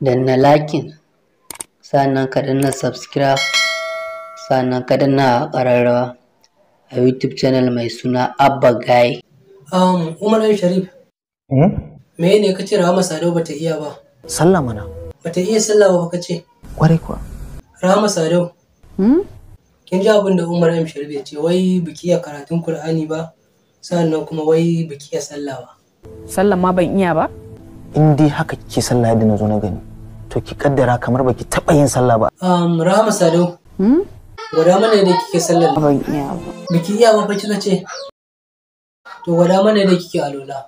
danna lakin sannan ka danna subscribe sannan ka danna ƙararrawa a youtube channel mai suna abba guy um, umar al sharif hmm? me ne ka ce rahama sadau bata iya ba sallah mana bata iya sallah ba ka ce kwarai kuwa rahama sadau hmm? kin ji abin da umar al sharif ya ce wai biki ya karatun qur'ani ba sannan kuma wai biki ya sallah ba sallah ma ban iya ba in dai haka kike sallah yadda na zo na gani to ki kaddara kamar baki taba yin sallah ba um rahama sado hmm? gwada mana da kike sallar ban iya ba biki iya ba kika ce to gwada mana da kike alwala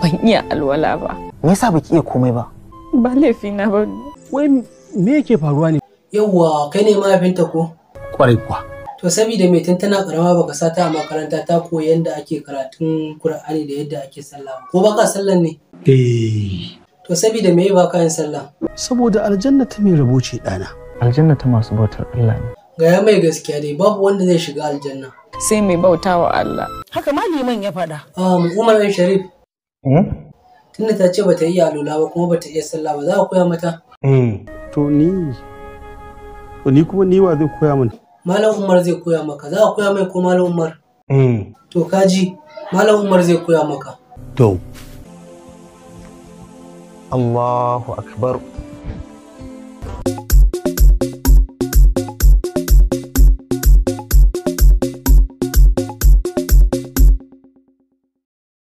ban iya alwala ba me yasa baki iya komai ba ba laifi na ba wai me yake faruwa ne yawwa kai ne mahaifinta ko kwarai kuwa to saboda mai tantana karama baka sa ta a makaranta ta koyi yadda ake karatun Kur'ani da yadda ake sallah ko baka sallah ne eh To saboda me ba kayan sallah? Saboda aljanna ta mai rabo ce dana. Aljanna ta masu bautar Allah ne. Gaya mai gaskiya dai babu wanda zai shiga aljanna. Sai mai bautawa Allah. Haka ma liman ya faɗa. Um, Umar bin Sharif. Eh? Tunda ta ce bata iya alula ba kuma bata iya sallah ba za a koya mata. Eh. To ni to ni kuma ni wa zai koya mini? Malam Umar zai koya maka. Za a koya mai ko Malam Umar? Eh. To kaji Malam Umar zai koya maka. To الله أكبر